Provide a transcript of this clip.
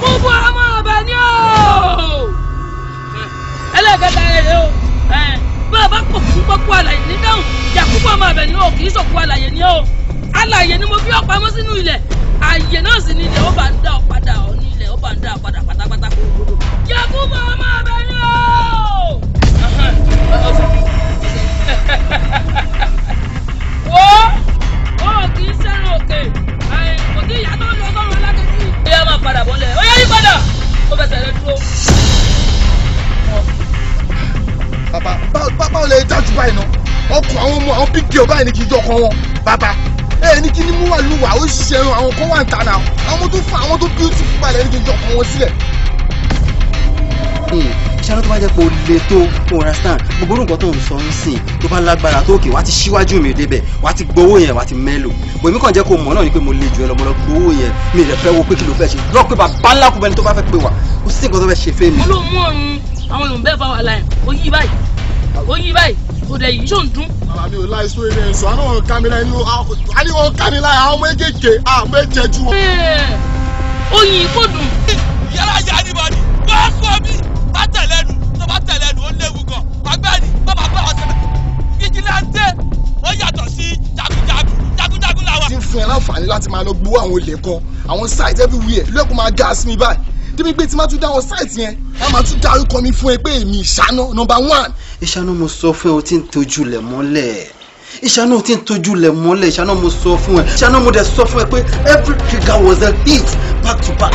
fúnfún ọmọ ọbẹ ni o ẹlẹ́gẹ̀dẹ̀ ẹ̀yẹ o bàbá kò fún pọ́kú àlàyé ní dáhùn yàkúbù ọmọ ọbẹ ni o kì í sọ̀kú àlàyé ni o àlàyé ni mo fi ọ̀pamọ́ sínú ilẹ̀ àyè náà sì ni ilẹ̀ ó bá ń dá ọ̀pá báwo lè jájú báyìí náà ọkọ̀ àwọn ọmọ àwọn bíi gèè báyìí ni kì í jọkọ̀ wọn bàbá ẹ ní kí ni mú wà lùwà ó ṣe ẹran àwọn kan wà ń tà náà àwọn tó fa àwọn tó beautiful balẹ̀ ní kí n jọ kàn wọ́n sílẹ̀. Hmm, ṣáná tó bá jẹ́ pé o lè tó o understand gbogbo nǹkan tó ń sọ ń sìn tó bá lágbára tó òkè wá ti ṣíwájú mi débẹ̀ wá ti gbowó yẹn wá ti mẹ́lò bọ̀ èmi kàn jẹ́ kó mọ̀ náà ni pé mo lè jù ẹ lọ mo lọ gbowó yẹn mi rẹ̀ fẹ́ wo pé kí ló fẹ́ ṣe lọ pé bàbá ńlá kò bẹ́ni tó bá fẹ́ pé wà kò sí nǹkan tó fẹ́ ṣe fẹ́ mi. olóòmù ọ̀run àwọn olùbẹ́ẹ̀ bá wà láyìn oyí báyìí ó yí báyìí kò dẹ̀ yìí ṣó ń dún. bàbá mi ò láì sọ eré ẹ̀sọ́ àná mi láì ní a ní wọn ká mi láì àwọn méjèèjì a méje ju wọn. ó yin yàrá yà á níbọn ni wọ́n kọ́ mi bá tẹ̀lé nu tó bá tẹ̀lé nu ó léwu gan ọgbẹ́ni bàbá bá wọn tẹ̀lé fìjìláńtẹ́ ó yàtọ̀ sí jagunjagun jagunjagun làwọn. ti fún ẹ láǹfààní láti máa lọ gbowó àwọn olè kan àwọn site everywhere lẹ́kùn máa gáàsì mi báyìí débi pé tí má tún dáwọ́ sáìtì yẹn a máa tún dárúkọ mi fún ẹ pé èmi ìṣáná nọmba one. ìṣáná mo sọ fún ẹ o ti ń tọ́jú lẹ̀ mọ́lẹ̀ ìṣáná o ti ń tọ́jú lẹ̀ mọ́lẹ̀ ìṣáná mo sọ fún ẹ ìṣáná mo dẹ̀ sọ fún ẹ pé every trigger was a hit back to back.